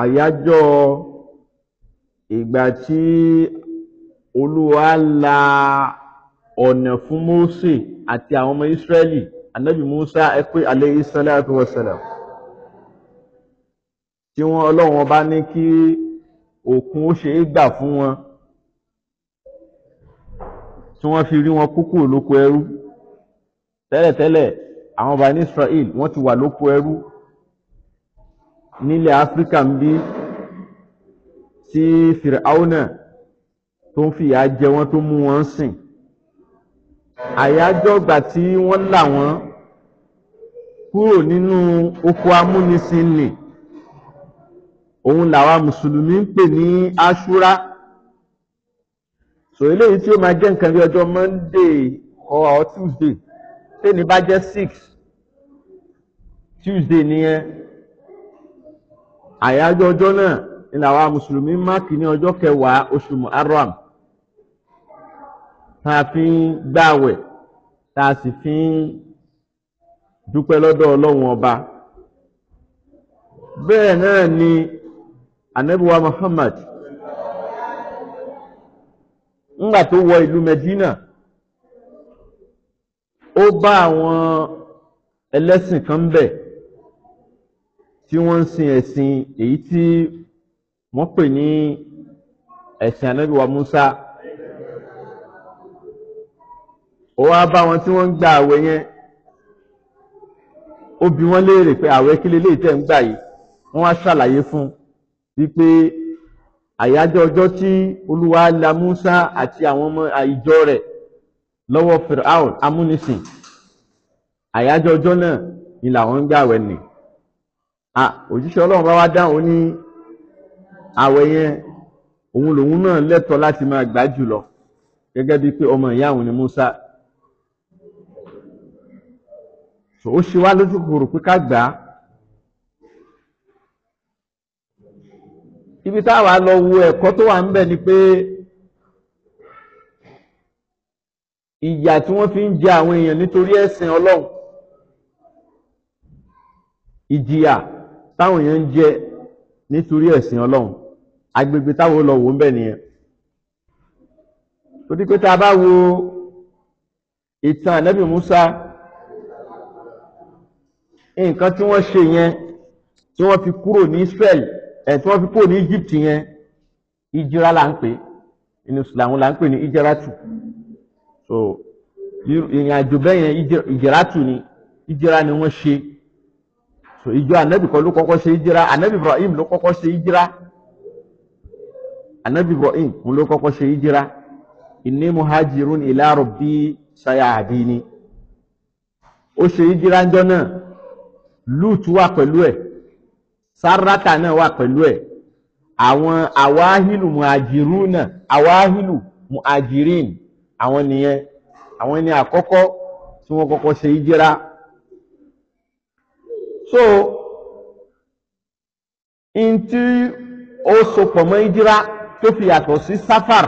àyájọ́ ìgbà tí olúwa la ọ̀nà fún Mósè àti àwọn ọmọ Ísírẹ́lì anábì Musa ẹ pé alayhi salatu wa salam tí wọ́n ọlọ́run ọba ní kí òkun ó ṣe é gbà fún wọn tí wọ́n fi rí wọn kúkú lóko ẹrú tẹ́lẹ̀tẹ́lẹ̀ àwọn ọba ní Israel wọ́n ti wà lóko ẹrú nílẹ̀ áfíríkà ń bí tí fìràwọ́nà tó ń fìyà jẹ wọ́n tó mú wọn sìn àyájọ́ ìgbà tí wọ́n là wọ́n kúrò nínú oko amúnisìn nì òun làwa mùsùlùmí ń pè ní aṣúra sọ eléyìí tí ó máa jẹ́ nǹkan bí ọjọ́ monday or tuesday tẹ́ni bá jẹ́ six tuesday nìyẹn. àyájọ́ ọjọ́ náà ni làwa mùsùlùmí máàkì ní ọjọ́ kẹwàá oṣù muharram tá a fi ń gbààwẹ̀ tá a sì fi ń dúpẹ́ lọ́dọ̀ ọlọ́run ọba bẹ́ẹ̀ náà ni anabiwa muhammad ńgbà tó wọ ìlú medina ó bá àwọn ẹlẹ́sìn kan bẹ́ẹ̀. tí wọ́n ń sin ẹ̀sìn èyí tí wọ́n pè ní ẹ̀sìn ànábì wa Musa ó wá bá wọn tí wọ́n ń gba àwẹ̀ yẹn ó bi wọ́n léèrè pé àwẹ̀ kí leléyìí tẹ̀ ń gbà yìí wọ́n wá ṣàlàyé fún wípé àyájọ́ ọjọ́ tí Olúwa là Musa àti àwọn ọmọ ìjọ rẹ̀ lọ́wọ́ Firaun amúnisìn àyájọ́ ọjọ́ náà ni làwọn ń gbààwẹ̀ nìyí à ah, òjíṣẹ́ ọlọ́run bá wá dáhùn ó ní àwẹ̀ yẹn òun lòun náà lẹ́tọ̀ọ́ láti máa gbà jùlọ gẹ́gẹ́ bíi pé ọmọ ìyá òun ni Musa so ó ṣe wá lójú kòrò pé ká gbà á ibi táwa lọ wo ẹ̀kọ́ tó wà ń ni pé ìyà tí wọ́n fi ń jẹ àwọn èèyàn nítorí ẹ̀sìn Ọlọ́run ìjìyà táwọn èèyàn ń jẹ nítorí ẹ̀sìn ọlọ́run agbègbè táwọn lọ wò ń bẹ̀ nìyẹn torí pé tá a bá wo ìtàn ànábì Musa nǹkan tí wọ́n ṣe yẹn tí wọ́n fi kúrò ní Israel ẹ̀ tí wọ́n fi kúrò ní Egypt yẹn ìjìra là ń pè inú Islam là ń pè ní ìjìratù so ìrìn àjò bẹ́yẹn ìjìratù ni ìjìra ni wọ́n ṣe so ìjọ anabi kọ́ ló kọ́kọ́ ṣe hijira anabi ibrahim ló kọ́kọ́ ṣe hijira anabi ibrahim ló kọ́kọ́ ṣe hijira inni muhajirun ila rabbi sayadini ó ṣe hijira ńjọ́ náà lut wà pẹ̀lú ẹ̀ sarata náà wà pẹ̀lú ẹ̀ àwọn awahilu muhajiruna awahilu muhajirin àwọn nìyẹn àwọn ni àkọ́kọ́ tí wọ́n kọ́kọ́ ṣe hijira so n tí ó sopọ̀ mọ́ ìdíra tó fi yàtọ̀ sí sáfàr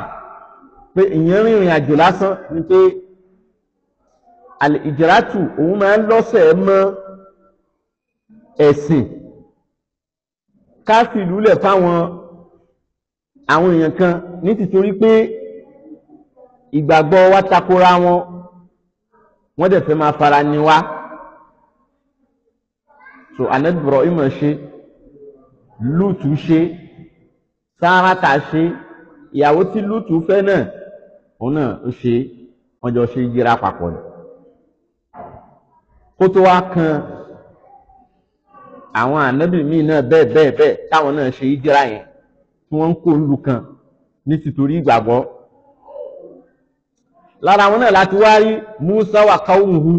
pé ìyẹn rìnrìn àjò lásán ni pé ìjìrátù òun máa ń lọ́sẹ̀ mọ́ ẹ̀sìn ká fìlú lẹ̀ fáwọn àwọn èèyàn kan ní pé ìgbàgbọ́ wa takora wọn wọ́n dẹ̀ fẹ́ máa fara ni wá so anabi Ibrahim ṣe Lútù ṣe Sárátà ṣe ìyàwó tí Lútù fẹ́ náà òun náà ń ṣe wọ́n jọ ṣe yíra papọ̀ ni kó tó wá kan àwọn ànábì míì náà bẹ́ẹ̀ bẹ́ẹ̀ bẹ́ẹ̀ táwọn náà ṣe yíra yẹn tí wọ́n ń kó lu kan ní tìtorí ìgbàgbọ́ lára àwọn náà láti wá rí Musa wà káwùhù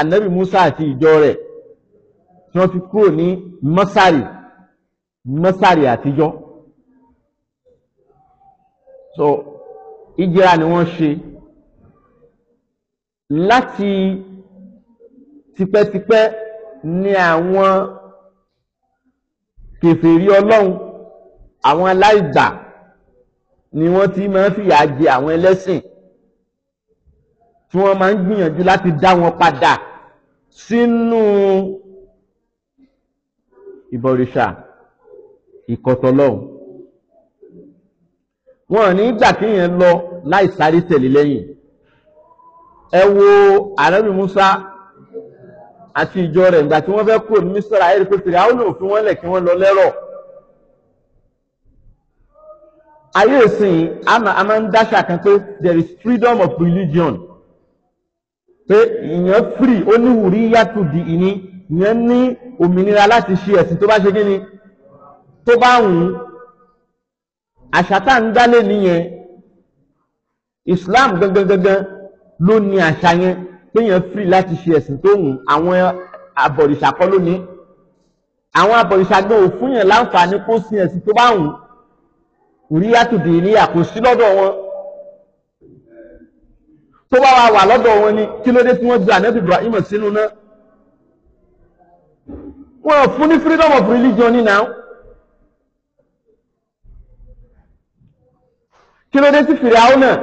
ànábì Musa àti ìjọ rẹ̀ tí wọ́n ti kúrò ní mọ́sàrì mọ́sàrì àtijọ́ so ìjìra ni wọ́n ṣe láti tipẹ́tipẹ́ ní àwọn kèfèrí ọlọ́run àwọn aláìgbà ni wọ́n ti máa ń fìyà jẹ àwọn ẹlẹ́sìn tí wọ́n máa ń gbìyànjú láti dá wọn padà sínú. Si ìbọ̀rìṣà ìkọ̀tọ̀lọ́hùn wọn ní gbà kéèyàn lọ láì sáré tẹ̀lé lẹ́yìn ẹ wo àrẹ́bí Musa àti ìjọ rẹ̀ ìgbà tí wọ́n fẹ́ kúrò ní Mísírà ẹ̀rí pé tèrè àwọn òfin wọn lẹ̀ kí wọ́n lọ lẹ́rọ̀ ayé ìsìn a máa ń dáṣà kan pé there is freedom of religion pé ìyẹn free ó ní wùrí yàtò di ìní ìyẹn ní òmìnira láti ṣe ẹ̀sìn tó bá ṣe kí ni tó bá wù ú àṣà tá à ń dálé nìyẹn Islam gangan gangan ló ní àṣà yẹn péyàn free láti ṣe ẹ̀sìn tó wù àwọn abọ̀rìṣà kọ́ ló ní àwọn abọ̀rìṣà gan ò fún yàn láǹfààní kó sin ẹ̀sìn tó bá wù ú rí látòdì ní àkóso lọ́dọ̀ wọn tó bá wà lọ́dọ̀ wọn ni kí ló dé tí wọ́n ju ànábì Ibrahim sínú náà wọ́n fún ní freedom of religion ní now kí ló dé tí fìrìhàwọ́ náà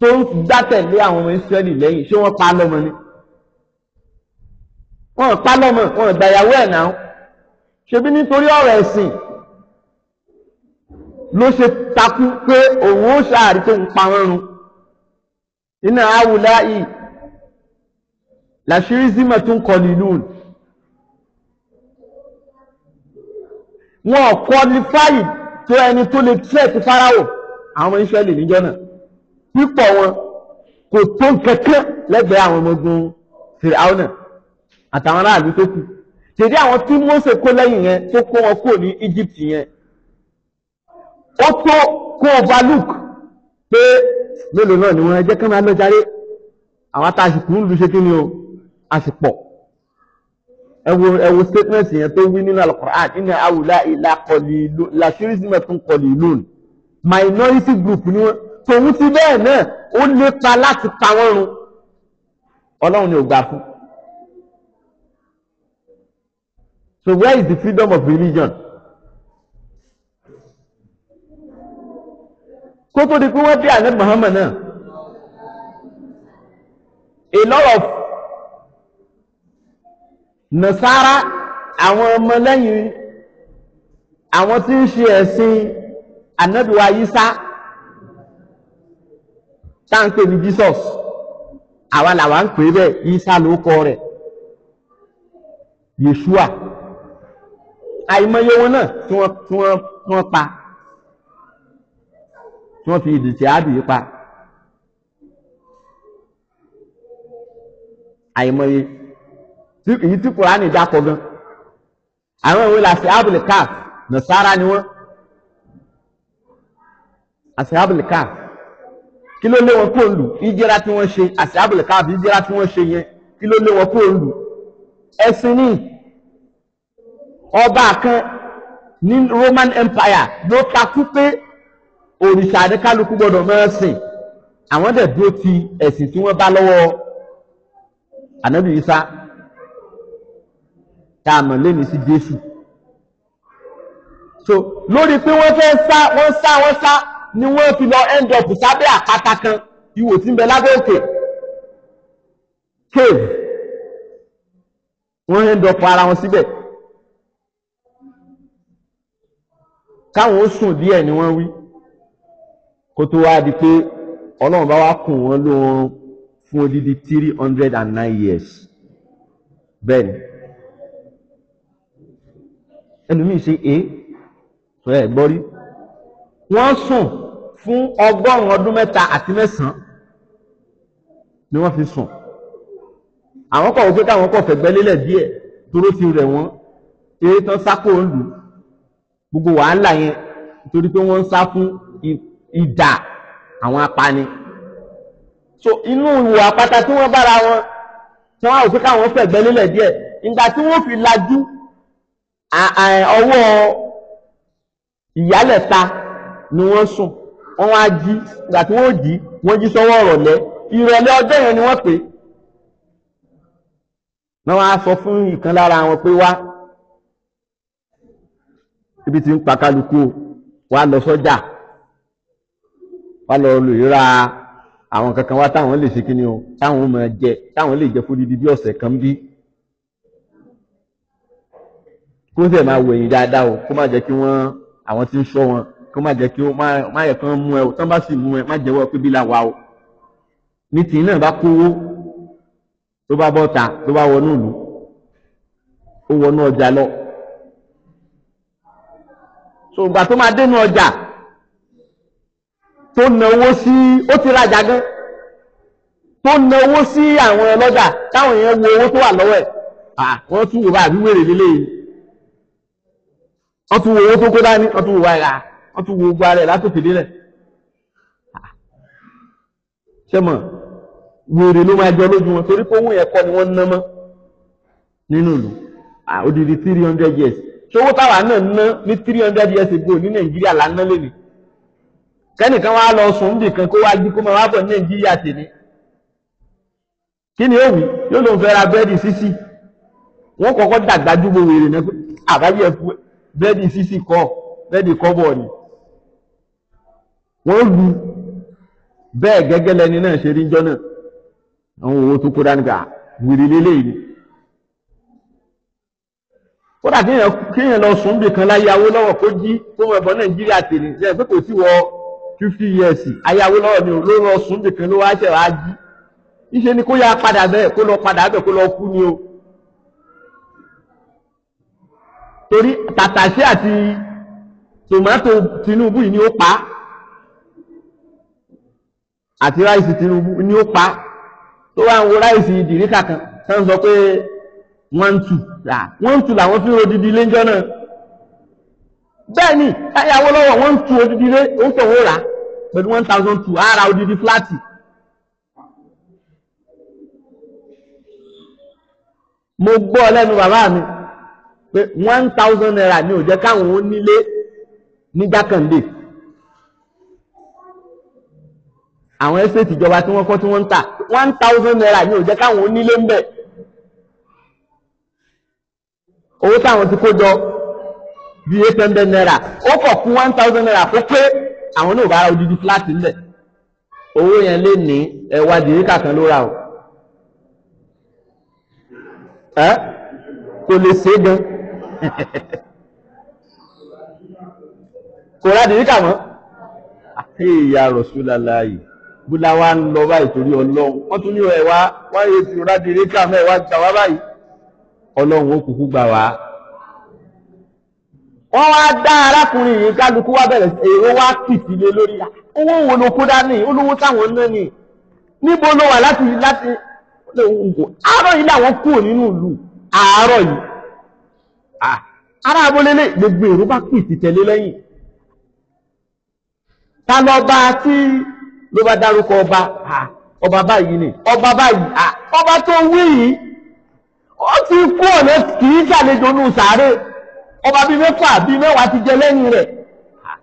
tó ń dátẹ̀lé àwọn ọmọ Ísírẹ́lì lẹ́yìn ṣé wọ́n pa á lọ́mọ ni wọ́n pa á lọ́mọ wọ́n gbàyàwó ẹ̀ náà ṣebí nítorí ọ̀rọ̀ ẹ̀sìn ló ṣe takú pé òun ó ṣàárí tó ń pa wọ́n run iná awùlá yìí làṣírí zimá tún kọ nílùú. wọn qualify tó ẹni tó lè threat Fáráò àwọn Ísírẹ́lì níjọ́ náà pípọ̀ wọn kò tó kẹ̀kẹ́ lẹ́gbẹ̀ẹ́ àwọn ọmọ ogun Fìràwọ̀ náà àtàwọn aráàlú tó kù tèdí àwọn tí Mósè kó lẹ́yìn yẹn tó kó wọn kúrò ní Egypt yẹn ó tó kó overlook pé mélòó náà ni wọn jẹ́ kí wọ́n máa lọ jáde àwọn tá a ń lu ṣe kí ni o a ẹwo ẹwo statement yẹn tó wí nínú alukur'an inna awula ila kọlìlú làṣírísìmẹ tún kọlìlú minority group ni wọn tòun ti bẹ́ẹ̀ náà ó lépa láti pa wọ́n run ọlọ́run ni ò gbà fún. so where is the freedom of religion? kó di pé wọ́n bí àná Muhammad náà a lot of nasara àwọn ọmọlẹ́yìn àwọn tí ń ṣe ẹ̀sìn anabiwa yisa tá à ń pè ní jesus àwa làwa ń pè bẹ́ẹ̀ yisa ló kọ rẹ̀ yeshua àìmọye wọn náà tí wọ́n tí wọ́n tí wọ́n pa tí wọ́n fi ìdìtì àbí pa àìmọye èyí tí kùránì dákọ̀ gan àwọn ìwé la sèhábùl káf nàṣàrà ni wọ́n àsèhábùl káf kí ló lé wọn kó lù ìjẹ́ra tí wọ́n ṣe àsèhábùl káf ìjẹ́ra tí wọ́n ṣe yẹn kí ló lé wọn kó lù ẹ̀sìn ní ọba kan ní Roman Empire ló takú pé òrìṣà ní kálukú gbọdọ̀ máa sìn àwọn dẹ̀ dúró ti ẹ̀sìn tí wọ́n bá lọ́wọ́ ànábì Ìsá tá a mọ̀ lẹ́nu sí Jésù so lórí pé wọ́n fẹ́ sá wọ́n sá wọ́n sá ni wọ́n fi lọ end up sábẹ́ àkàtà kan ihò tí ń bẹ lábẹ́ òkè cave wọ́n end up ara wọn síbẹ̀ káwọn ó sùn díẹ̀ ni wọ́n wí kó tó wá di pé ọlọ́run bá wá kùn wọ́n lóorun fún odidi three hundred and nine years bẹ́ẹ̀ ni ẹlòmíì ṣe é sọ ẹ gbọ́ rí wọ́n sùn fún ọgọ́rùn-ún ọdún mẹ́ta àti mẹ́sàn-án ni wọ́n fi sùn àwọn kọ̀ wípé káwọn kọ̀ fẹ̀gbẹ́ lélẹ̀ díẹ̀ dúró ti rẹ̀ wọ́n eré tán sákò ń lù gbogbo wàhálà yẹn torí pé wọ́n ń sá fún ìdà àwọn apani so inú ìwò àpáta tí wọ́n bára wọn tí wọ́n á wò pé káwọn fẹ̀gbẹ́ lélẹ̀ díẹ̀ nígbà tí wọ́n fi lajú ọwọ́ ìyálẹ̀ta ni wọ́n sùn wọ́n wá jí ìgbà tí wọ́n jí wọ́n jí sọ́wọ́ ìrọ̀lẹ́ ìrọ̀lẹ́ ọjọ́ yẹn ni wọ́n pè wọ́n wá sọ fún ìkan lára wọn pé wá ibi tí ń pa kálukú wá lọ sọ́jà wá lọ lò ríra àwọn kankan wá táwọn lè ṣe kí ni o táwọn máa jẹ táwọn lè jẹ fún dídí bí ọ̀sẹ̀ kan bí kó sì máa wẹ̀yìn dáadáa o kó má jẹ́ kí wọ́n àwọn tí ń ṣọ́ wọn kó má jẹ́ kí wọ́n má yẹ kán mú ẹ o tán bá sì mú ẹ má jẹ́wọ́ pé bí la wà o ní tìyín náà bá kówó tó bá bọ́ ta tó bá wọnú ìlú ó wọnú ọjà lọ so ìgbà tó máa dénú ọjà tó na owó sí ó ti rajà gan tó na owó sí àwọn ọlọ́jà táwọn èèyàn wo owó tó wà lọ́wọ́ ẹ̀ wọ́n tún wò bá àbí wèrè nílé wọ́n tún wo owó tó kó dání wọ́n tún wo àyà wọ́n tún wo gbogbo ara ẹ̀ látòkè délẹ̀ ṣé mọ̀ wèrè ló máa jọ lójú wọn torí pé owó yẹn kọ́ ni wọ́n ná mọ́ nínú ìlú odidi three hundred years ṣowó táwa náà ná ní three hundred years ago ní Nàìjíríà là ń ná lónìí kẹ́nìkan wá lọ sùn nìkan kó wá jí kó máa wá bọ̀ ní Nàìjíríà tèmi kí ni ó yóò lóun fẹ́ ra búrẹ́dì sísì wọ́n kọ́kọ́ dàgbájú gbogbo wèrè náà àbáyé ẹ̀ fún ẹ̀ bírẹ́dì sísì kọ́ bírẹ́dì kọ́bọ̀ ni wọ́n lu bẹ́ẹ̀ gẹ́gẹ́ lẹni náà ṣe rí jọ́nà àwọn owó tó kó dání ká ah, wìrì lélẹ́yìí ni kódà kéèyàn lọ sùn bì kan láyàwó lọ́wọ́ kó jí tó wọ ẹ̀bọ nàìjíríà tèmi ṣe é pé kò sí wọ fifty years ayàwó lọ́wọ́ ni ló lọ sùn bì kan ló wá ṣẹ̀ wá jí ìṣe ni kó yá padà bẹ́ẹ̀ kó lọ padà bẹ́ẹ̀ kó lọ kú ni o. torí tàtàṣé àti tòmátò Tinubu yìí ni ó pa àti ráìsì Tinubu ni ó pa tó wá ń wo ráìsì ìdìríkà kan tó ń sọ pé one two one two làwọn fi ń rodidi ilé ńjọ́ náà bẹ́ẹ̀ ni táyàwó lọ́wọ́ one two odidi ilé ó ń sọ̀wọ́ rà pẹ̀lú one thousand two ara odidi fúláàtì. mo gbọ́ lẹ́nu bàbá mi pé one thousand naira ni ò jẹ́ káwọn onílé ní jákàndé àwọn ẹ́sẹ̀tì ìjọba tí wọ́n kọ́ tí wọ́n ń tà one thousand naira ni ò jẹ́ káwọn onílé ń bẹ̀ owó táwọn ti kó jọ bí eight hundred naira ó kọ̀ fún one thousand naira kó pé àwọn náà bá ra odidi fúláàtì ńlẹ̀ owó yẹn lé ní ẹ̀wà dìríkà kan ló ra o ẹ́ kò lè ṣe é gan-an. kò rádìí ríkà mọ́ àti ìyá Rasulullahi búlá ń lọ báyìí torí ọlọ́run wọ́n tún ní ẹ̀wá wáyé tí ríkà mọ́ ẹ̀wá gbà wá báyìí ọlọ́run ó gbà wọ́n wá dá arákùnrin yìí kálukú wá bẹ̀rẹ̀ èrò wá lé lórí owó wo ló kó dání olówó táwọn ń níbo ló wà láti láti àárọ̀ yìí làwọn kúrò nínú ìlú àárọ̀ yìí ará abúlé lè gbogbo èrò bá pì ti tẹ̀lé lẹ́yìn ta lọ bá tí ló bá dárúkọ ọba ah, ọba báyìí ni ọba báyìí ah, ọba tó wí yìí ó ti kú ọ̀nà kì í ṣàlejò nù sàárè ọba bíi mẹ́fà bíi mẹ́wàá ti jẹ lẹ́yìn rẹ̀ ah,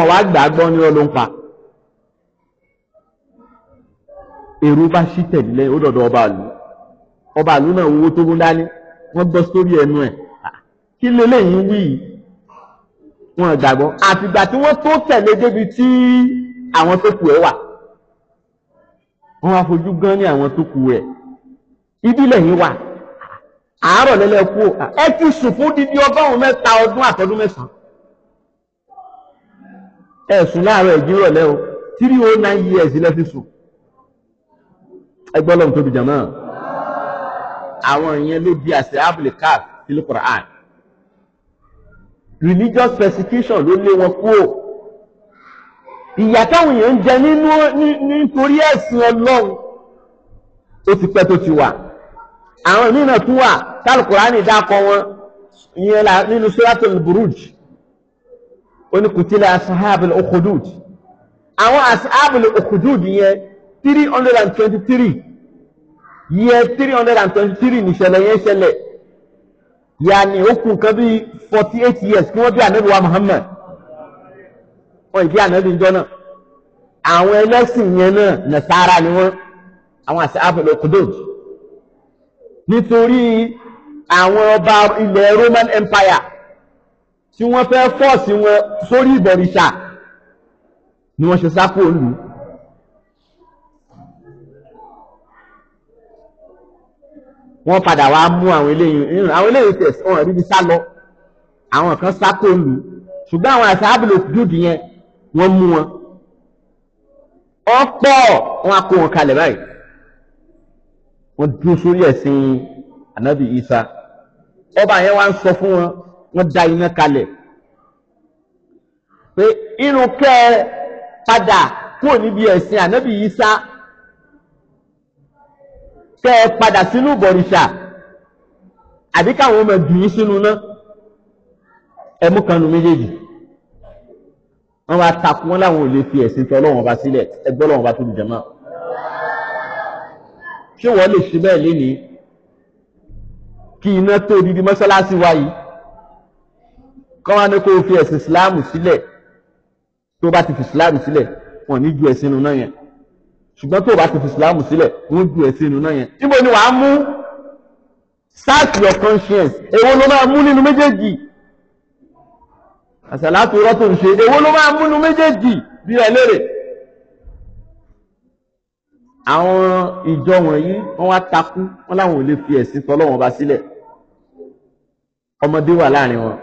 ọ̀n wá gbà gbọ́ ní ọlọ́n pa èrò bá ṣí tẹ̀lé ó dọ̀dọ̀ ọba àlú ọba àlú náà owó tó gún dání wọ́n gbọ́ sórí ẹnu ẹ̀ kí leléyìí wí yìí wọn gbàgbọ́ àtìgbà tí wọ́n tó tẹ̀lé débi tí àwọn tó kù ẹ̀ wà wọ́n wá fojú gan ní àwọn tó kù ẹ̀ ibi lẹ́yìn wà àárọ̀ lẹ́lẹ́ kú ẹ ti sùn fún dídí ọgọ́rùn-ún mẹ́ta ọdún àtọ́dún mẹ́sàn-án ẹ sùn láàárọ̀ ìjírọ̀ lẹ́ o three oh nine years lẹ́ fi sùn ẹgbẹ́ ọlọ́run tóbi jàmáà àwọn èèyàn ló di àṣẹ abdulkar sílẹ̀ Quran religious persecution ló lé wọn kúrò ìyà táwọn èèyàn ń jẹ nínú nítorí ẹ̀sìn Ọlọ́run ó ti pẹ́ tó ti wà àwọn mìíràn tún wà tálùkùránì dákọ wọn ìyẹn là nínú suratul buruj oníkùtílẹ̀ asahabul okudud àwọn asahabul okudud yẹn three hundred and twenty three yíyẹ three hundred and twenty three nìṣẹ̀lẹ̀ yẹn ṣẹlẹ̀ yàní ó kù nǹkan bíi forty eight years kí wọ́n bí ànábì wa Muhammad wọ́n ì bí ànábì ń jọ náà àwọn ẹlẹ́sìn yẹn náà nàṣàrà ni wọ́n àwọn àṣà àbẹ̀lẹ̀ okùdòd nítorí àwọn ọba ilẹ̀ Roman Empire tí wọ́n fẹ́ fọ́ọ̀sì wọn sórí ìbọ̀rìṣà ni wọ́n ṣe sá kúrò lù ú. wọ́n padà wá mú àwọn eléyìí nínú àwọn eléyìí tẹ̀ wọ́n rí bí sá lọ àwọn kan sá kó lù ṣùgbọ́n àwọn àṣàbùlò dúdú yẹn wọ́n mú wọn ọ̀pọ̀ wọn kó wọn kalẹ̀ báyìí wọ́n dúró sórí ẹ̀sìn ànábì Isa ọba yẹn wá ń sọ fún wọn wọ́n da iná kalẹ̀ pé inú kẹ́ ẹ padà kúrò níbi ẹ̀sìn ànábì Isa kẹ́ ẹ padà sínú bọ̀rìṣà àbí káwọn ọmọ ẹ̀dùn yín sínú náà ẹ mú kanu méjèèjì wọ́n bá takú wọn láwọn ò lè fi ẹ̀sìn tọ́ lọ́wọ́n bá sílẹ̀ ẹgbẹ́ lọ́wọ́n bá tóbi jẹ̀mọ́ ṣé wọ́n lè ṣe bẹ́ẹ̀ lénìí kí iná tó odidi mọ́ṣáláṣí wa yìí kọ́ wa ní kó o fi ẹ̀sìn Islam sílẹ̀ tó bá ti fi Islam sílẹ̀ wọ́n ní ju ẹ̀sìn nù náà yẹn ṣùgbọ́n tó o bá ti fi islam sílẹ̀ wọ́n ju ẹ̀ sínú náà yẹn níbo ni wàá mú search your conscience èwo ló máa mú nínú méjèèjì àṣàlátù rọ́tò ń ṣe èwo ló máa mú nínú méjèèjì bí ẹ lérè àwọn ìjọ wọ̀nyí wọ́n wá takú wọ́n láwọn ò lè fi ẹ̀sìn tọ́lọ́wọ́n bá sílẹ̀ ọmọdé wà láàrin wọn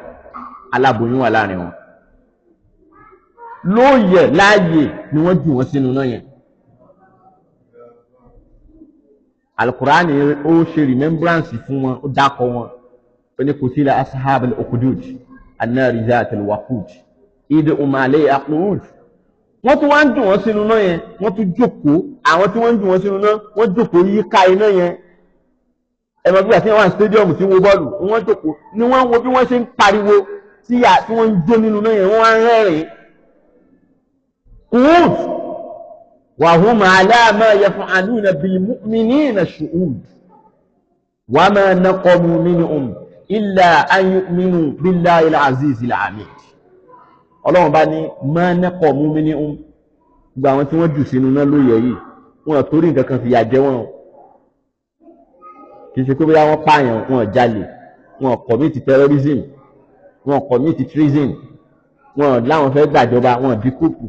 aláboyún wà láàrin wọn lóòyẹ̀ láàyè ni wọ́n jù wọ́n sínú náà yẹn alukurani ó ṣe remembrance fún wọn ó dákọ wọn ó ní kutila asahab al-ukhdud an-nari zat al-waqud ìdè umale aknud wọ́n tún wá ń dùn wọ́n sínú náà yẹn wọ́n tún jókòó àwọn tí wọ́n dùn wọ́n sínú náà wọ́n jókòó yíká iná yẹn ẹ̀mọ́ gbígbà tí wọ́n wà stadium tí wọ́n bọ́ọ̀lù wọ́n jókòó ni wọ́n wo bí wọ́n ṣe ń pariwo tí wọ́n ń jó nínú náà yẹn wọ́n wá ń rẹ́rìn-ín. وهم على ما يفعلون بالمؤمنين شؤون وما نقموا منهم إلا أن يؤمنوا بالله العزيز العميد ọlọ́run bá ní máa nẹ́kọ̀ mú mi ní um gba àwọn tí wọ́n jù sínú náà lóye yìí wọn torí nǹkan kan fìyà jẹ wọn kì í ṣe pé bóyá wọ́n pààyàn wọn jalè wọn kọ̀mìtì terrorism wọn kọ̀mìtì treason wọn láwọn fẹ́ gbàjọba wọn bí kúkú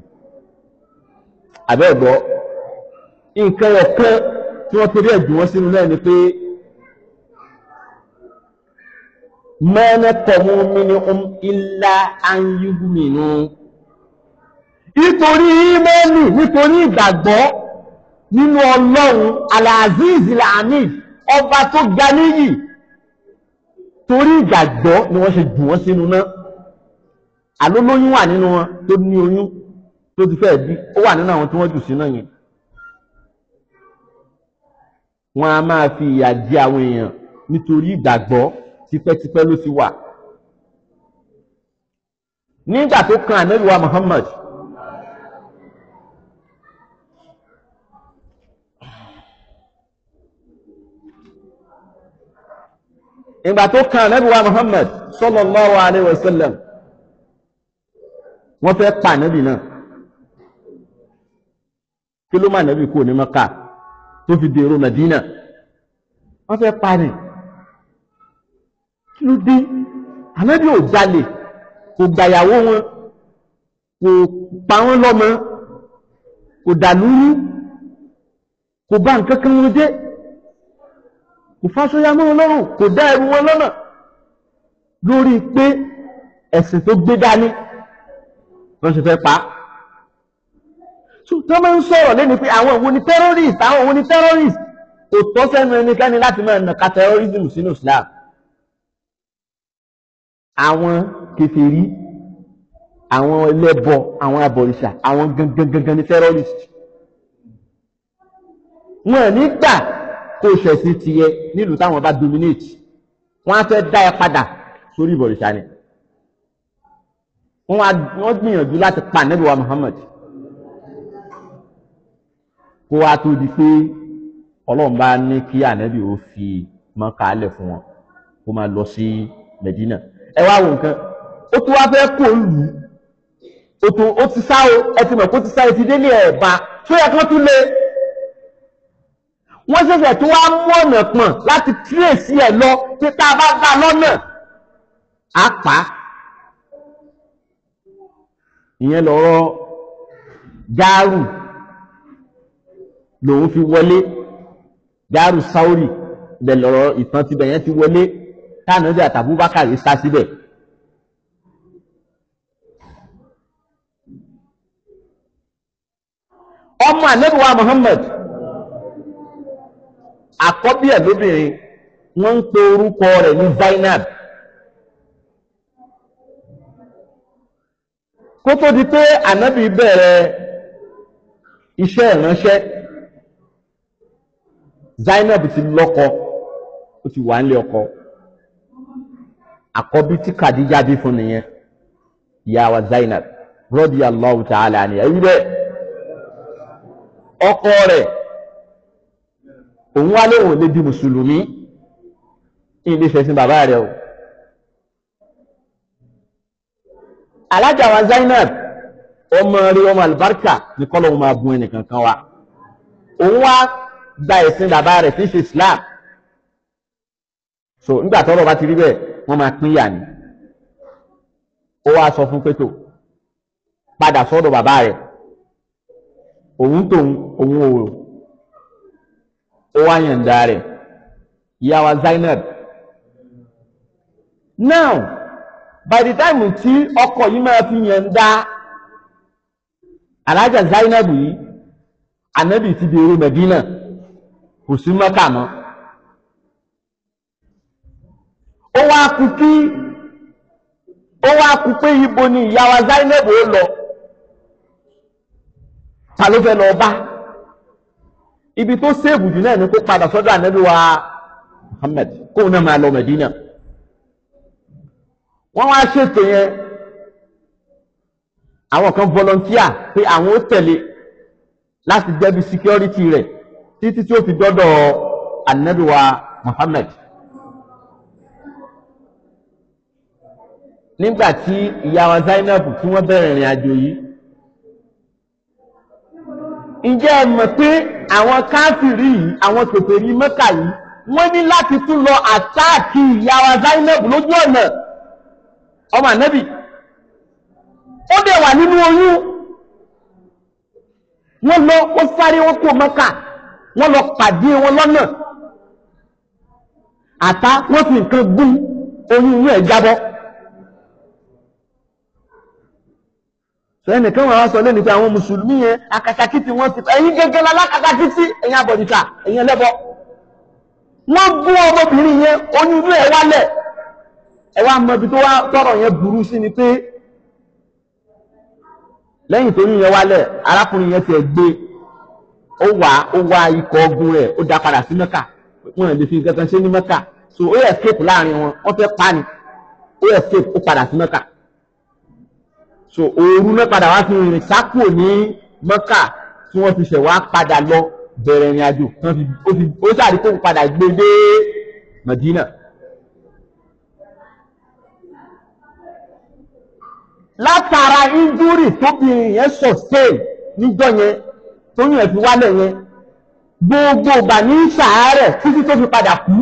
àbẹ́ẹ̀gbọ́ nǹkan ọ̀pẹ́ tí wọ́n torí ẹ̀jù wọn sínú náà ni pé mẹ́ẹ́nà tọ̀mú mi ni um ilá anyúgbù mi nù nítorí ímẹ́ẹ̀lì nítorí ìgbàgbọ́ nínú ọlọ́run alaziz lahamid ọba tó ga níyì torí ìgbàgbọ́ ni wọ́n ṣe jù wọ́n sínú náà àlólóyún wà nínú wọn tó ní oyún tó ti fẹ́ẹ̀ bí ó wà nínú àwọn tí wọ́n jù síná yẹn wọn a máa fi ìyà jẹ àwọn èèyàn nítorí ìgbàgbọ́ tipẹ́tipẹ́ ló ti wà nígbà tó kan ànábì Muhammad ìgbà tó kan ànábì wa Muhammad sallallahu alaihi wasallam wọ́n fẹ́ pa ànábì náà kí ló má nàbí kú ní maka tó fi dèrò Madina wọ́n fẹ́ pani kí ló dé ànábì ò jalè kò gbàyàwó wọn kò pa wọn lọ́mọ kò dàlúrú kò bá nǹkan kan wọn jẹ́ kò fásọyà mọ́ wọn lọ́rùn kò dá ẹrù wọn lọ́nà lórí pé ẹ̀sìn tó gbé dání wọ́n ṣe fẹ́ pa á so tó máa ń sọ̀rọ̀ lẹ́ni pé àwọn òun ni terrorist àwọn òun ni terrorist kò tọ́ sẹ́nu ẹnikẹ́ni láti máa nàka terrorism sínú Islam àwọn kèfèrí àwọn ẹlẹ́bọ àwọn abọ̀rìṣà àwọn gangan gangan ni terrorist wọn ní gbà kó o ṣẹ̀sìn tiẹ̀ nílùú táwọn bá dominate wọn á fẹ́ dá ẹ padà sórí ìbọ̀rìṣà ni wọn á gbìyànjú láti pa nẹ́bí wa Muhammad kó wá tó di pé ọlọ́run bá ní kí ànábì ó fi mọ́ká lẹ̀ fún wọn kó máa lọ sí Medina ẹ wá wo nǹkan ó tún wá fẹ́ kó lù ú ó tún ó ti sá o ẹ ti mọ̀ kó ti sá ẹ ti délé ẹ̀ tó yẹ kí tún lé wọ́n ṣẹ̀ṣẹ̀ tó wá mú ọ̀nà pọ̀n láti tírèsí ẹ̀ lọ tí tá a bá bá lọ́nà á pa á ìyẹn lọ́rọ̀ gáàrù lòun fi wọlé dárù sáórì ibẹ̀ lọ̀rọ̀ ìtàn tibẹ̀ yẹn ti wọlé táànù ọdẹ àtàbúbákàrí sá síbẹ̀. ọmọ àlẹ́bùwà Muhammad àkọ́bí ẹ̀ lóbìnrin wọ́n ń pe orúkọ rẹ̀ ní Zainab. kó tó di pé ànábì bẹ̀rẹ̀ iṣẹ́ ìránṣẹ́. Zainab ti lọ́kọ ó ti wà nílé ọkọ àkọ́bí tí Khadija bí fún nìyẹn ìyá wa Zainab radiyallahu ta'ala ni èyí bẹ́ẹ̀ ọkọ rẹ̀ òun wá léwòn lè di mùsùlùmí ìní fẹsí bàbá rẹ̀ o alájà wa Zainab ọmọ rẹ̀ ọmọ alibarika ní kọ́lọ́hún máa bùn ẹnìkankan wa òun wá gba ẹ̀sìn bàbá rẹ̀ tí ń ṣe Islam so nígbà tọ́rọ̀ bá ti rí bẹ́ẹ̀ wọ́n máa pín yà ní ó wá sọ fún pétò padà sọ́dọ̀ bàbá rẹ̀ òun tòun òun ò ó wá yànda rẹ̀ ìyá wa Zainab now by the time tí ọkọ yìí máa fi yànda alájà Zainab yìí ànábì ti di Medina kò sí mọ́kà mọ́ ó wá kú kí ó wá kú pé ibo ni ìyá wa Zainab ó lọ ta ló fẹ́ lọ bá ibi tó séèbù jù náà ni kó padà sọ́dọ̀ ànábì wa Muhammad kóun náà máa lọ Medina wọ́n wá ṣètò yẹn àwọn kan volunteer pé àwọn ó tẹ̀lé láti jẹ́bi security rẹ̀ títí tí ó fi dọ́dọ̀ anabiwa Muhammad nígbà tí ìyá wa Zainab tí wọ́n bẹ̀rẹ̀ ìrìn àjò yìí ǹjẹ́ ẹ mọ̀ pé àwọn káfìrí yìí àwọn kèfèrí Mẹ́kà yìí wọ́n ní láti tún lọ àtáàkì ìyá wa Zainab lójú ọ̀nà ọmọ ànábì ó dẹ̀ wà nínú oyún wọ́n lọ ó sáré ó kó Mẹ́kà wọ́n lọ pàdé wọn lọ́nà àtá wọ́n fi nǹkan gún oyún inú ẹ̀ jábọ́ sọ́yìn nìkan wọ́n wá sọ lẹ́nu pé àwọn mùsùlùmí yẹn akasakiti wọ́n ti ẹ̀yin gẹ́gẹ́ lálákasakiti ẹ̀yin abọ̀dìta ẹ̀yin ẹlẹ́bọ wọ́n bú ọmọbìnrin yẹn oyún inú ẹ̀ wálẹ̀ ẹ̀ wá mọ ibi tó wá tọrọ yẹn burú sí ni pé lẹ́yìn tó yún yẹn wálẹ̀ arákùnrin yẹn ti ẹ̀ gbé ó wà ó wá ikọ̀ ogun rẹ̀ ó dá padà sí mẹ́kà wọn lè fi kankan ṣe ní mẹ́kà so ó yẹ escape láàrin wọn wọ́n fẹ́ pa ni ó yẹ escape ó padà sí mẹ́kà so òru náà padà wá fi rìn sákò ní mẹ́kà tí wọ́n fi ṣẹ̀ wá padà lọ bẹ̀rẹ̀ ìrìn àjò ó sáré kó padà gbé dé Madina. látara injúrì tóbi yẹn sọ̀ sẹ́ẹ̀ níjọ́ yẹn tóyún ẹ̀ fi wálẹ̀ yẹn gbogbo ìgbà ní sàárẹ̀ títí tó fi padà kú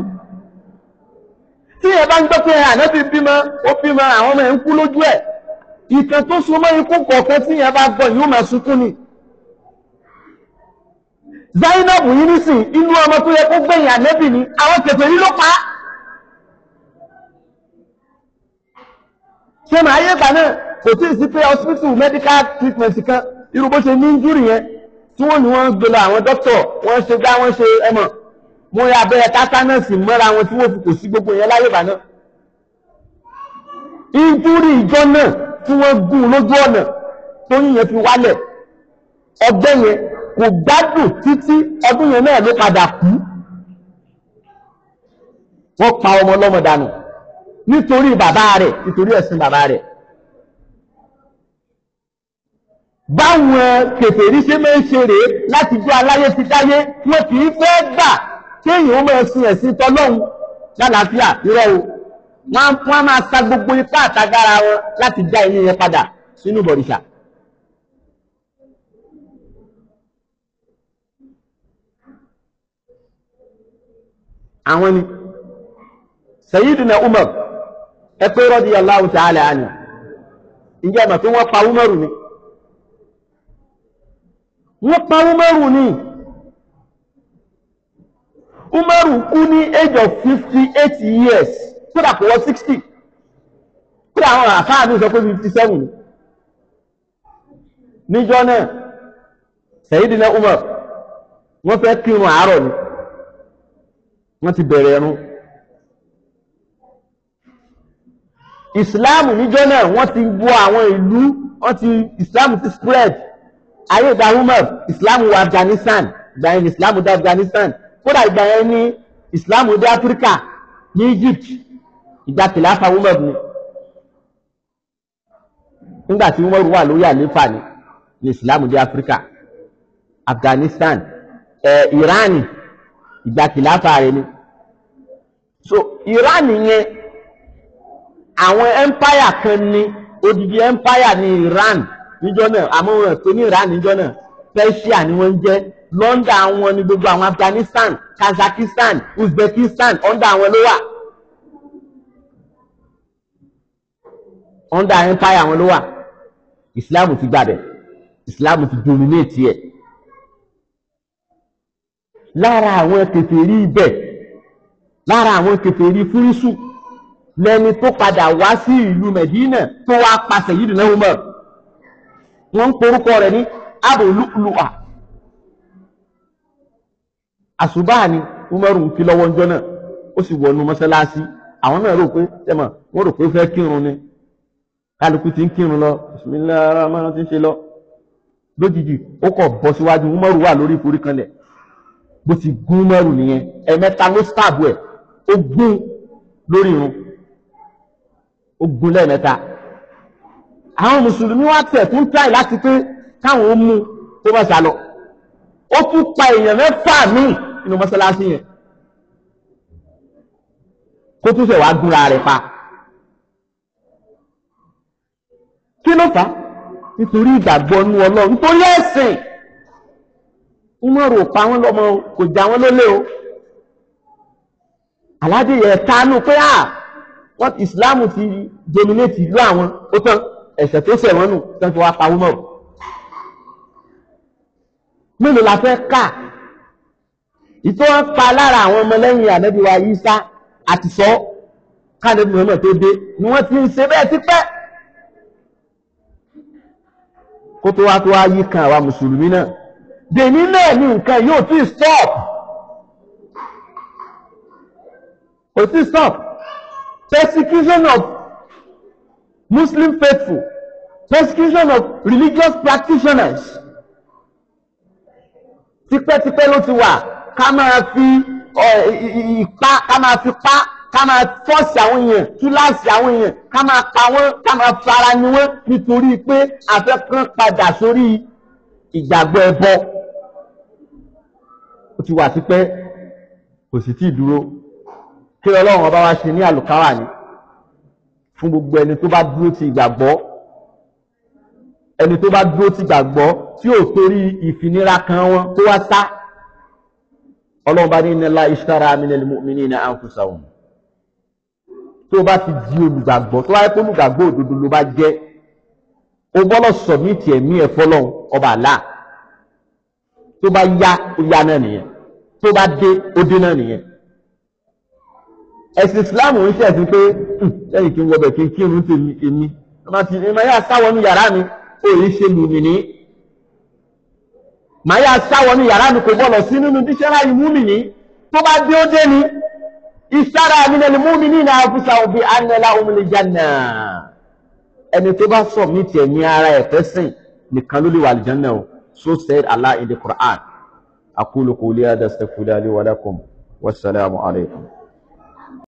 tí ẹ bá ń gbọ́ pé ànábì bímọ ó bímọ àwọn ọmọ ẹ̀ ń kú lójú ẹ̀ ìkan tó súnmọ́ ikú kọ̀ọ̀kan tí ẹ bá gbọ́ yóò máa sunkún ni Zainab yìí nísìn inú ọmọ tó yẹ kó gbẹ̀yìn ànábì ni àwọn kẹfẹ́ yìí ló pa á ṣé màá yé gbà náà kò tí ì sí pé hospital medical treatment kan irú bó ṣe ní injúrì yẹn tí wọ́n ní wọ́n ń gbé lọ àwọn dókítọ̀ wọ́n ṣe dá wọ́n ṣe ẹmọ̀ mo rí abẹ́rẹ́ tátánọ́ọ̀sì mọ́ra wọn tí wọ́n fi kò sí gbogbo yẹn láyé ìbànú. ìdúrí ìjọ náà tí wọ́n gún lójú ọ̀nà tó yíyan fi wálẹ̀ ọgbẹ́ yẹn kò gbádùn títí ọdún yẹn náà ló padà kú wọ́n pa ọmọ ọlọ́mọ dànù nítorí bàbá rẹ̀ nítorí ẹ̀sìn bàbá rẹ̀ báwọn kèfèrí ṣe máa ń ṣe rèé láti jẹ́ aláyé ti dáyé wọn kì í fẹ́ gbà kéèyàn ó máa sin ẹ̀sìn tọlọ́hun lálàáfíà irọ́ o wọ́n máa sa gbogbo ipá àtagbára wọn láti já ẹni yẹn padà sínú bọ̀rìṣà. àwọn ni Sayyidina Umar ẹ pé radiyallahu ta'ala anhu ǹjẹ́ ẹ mọ̀ pé wọ́n pa Umaru ni wọ́n pa umaru ní umaru kú ní age of fifty eight years kódà kò wọ sixty kódà àwọn àfáà mi sọ fifty seven níjọ́ náà Sayyidina Umar wọ́n fẹ́ kírun àárọ̀ ni wọ́n ti bẹ̀rẹ̀ ẹ̀rún ìsìláàmù níjọ́ náà wọ́n ti wọ àwọn ìlú wọ́n ti ìsìláàmù ti spread ayé da Umar Islam wọ Afghanistan ìgbà yẹn ni Islam dé Afghanistan kódà ìgbà yẹn ni Islam dé Áfíríkà ní Egypt ìgbà kìláfà Umar ni nígbà tí Umar wà lórí àléfà ni ní Islam dé Áfíríkà Afghanistan ẹ Iran ìgbà kìláfà rẹ ni so Iran yẹn àwọn empire kan ní odidi empire ni Iran níjọ́ náà àmọ́ wọn pè ní Iran níjọ́ náà Persia ni wọ́n ń jẹ́ London àwọn ni gbogbo àwọn Afghanistan Kazakhstan Uzbekistan under àwọn ló wà under empire àwọn ló wà Islam ti gbàbẹ̀ Islam ti dominate yẹ lára àwọn kèfèrí ibẹ̀ lára àwọn kèfèrí fúrísù lẹni tó padà wá sí ìlú Medina tó wá pa Sayyidina Umar wọ́n ń porúkọ rẹ̀ ní abòlúlùwà àṣùbá ni umaru ń fi lọ́wọ́ ọjọ́ náà ó sì wọnú mọ́sálásí àwọn náà rò pé tẹ́mọ̀ wọ́n rò pé ó fẹ́ kírun ni kálukú ti ń kírun lọ bismillah rahman ti ń ṣe lọ lójijì ó kọ̀ bọ́ síwájú umaru wà lórí ìforíkanlẹ̀ bó ti gún umaru nìyẹn ẹ̀mẹ́ta ló sáàbù ẹ̀ ó gún lórí irun ó gún lẹ́ẹ̀mẹ́ta àwọn mùsùlùmí wá tẹ̀ tún táì láti pé káwọn ó mú tó bá sálọ ó tún pa èèyàn mẹ́fà míì nínú mọ́sálásí yẹn kó tún fẹ́ wàá gúnra rẹ̀ pa kí ló fà á nítorí ìgbàgbọ́ nu ọlọ́run nítorí ẹ̀sìn Umaru pa wọ́n lọ́mọ kò já wọ́n lólè o aládìyẹ tánú pé à wọ́n ìsìláàmù ti dominate ìlú àwọn ó tán ẹ̀ṣẹ̀ tó ṣẹ̀ wọ́n nù tó fi wá pawó mọ́ mélòó la fẹ́ kà ìtọ́ wọn pa lára àwọn ọmọlẹ́yìn ànábì wa Ìsá àti sọ káàdébù mọ́mọ́ tó dé ni wọ́n ti ń ṣe bẹ́ẹ̀ tipẹ́ kó tó wá tó wá yí kan àwa mùsùlùmí náà dèní náà ní nǹkan yóò tí stop kò tí stop persecution of Muslim faithful, persecution of religious practitioners. Tipẹ́tipẹ́ ló ti wà ká máa fi ìpá ká máa fi pa ká máa fọ́ọ̀sì àwọn èèyàn kíláàsì àwọn èèyàn ká máa pa wọ́n ká máa fara ni wọ́n nítorí pé afẹ́kàn padà sórí ìgbàgbọ́ ẹbọ. Ó ti wà tipẹ́ kò sì tí ì dúró kí Ọlọ́run ọba wa ṣe ní àlùkáwà ni fún gbogbo ẹni tó bá dúró ti ìgbàgbọ́ ẹni tó bá dúró ti ìgbàgbọ́ tí ò torí ìfinira kan wọn tó wá sá ọlọ́run bá ní inna Allaha ishtara minal mu'minina anfusahum tó bá ti di olùgbàgbọ́ tó wáyé pé olùgbàgbọ́ òdodo ló bá jẹ́ o bọ́lọ̀ sọ̀mìtì ẹ̀mí ẹ̀ fọlọ́run ọba àlá tó bá yá ó yá náà nìyẹn tó bá dé ó dé náà nìyẹn ẹ̀sìn islam ń ṣe ẹ̀sìn pé lẹ́yìn hmm, kí n wọbẹ̀ kí n kírun tèmi èmi màá yà sáwọnú yàrá mi ò yí ṣe lùmìnì màá yà sáwọnú yàrá mi kò bọ̀lọ̀ sí nínú díṣẹ́rà ìmúmìnì tó bá dé ó dé ni ìṣára àmìnẹ́lì múmìnì náà àfúsà òbí anẹ́lá òmìnir jannà ẹni tó bá sọ mí tiẹ̀ ní ara ẹ̀fẹ́ sìn nìkan ló lè wà àlìjánná o so said Allah in the Quran aqulu qawli hadha astaghfirullahi li wa lakum alaykum.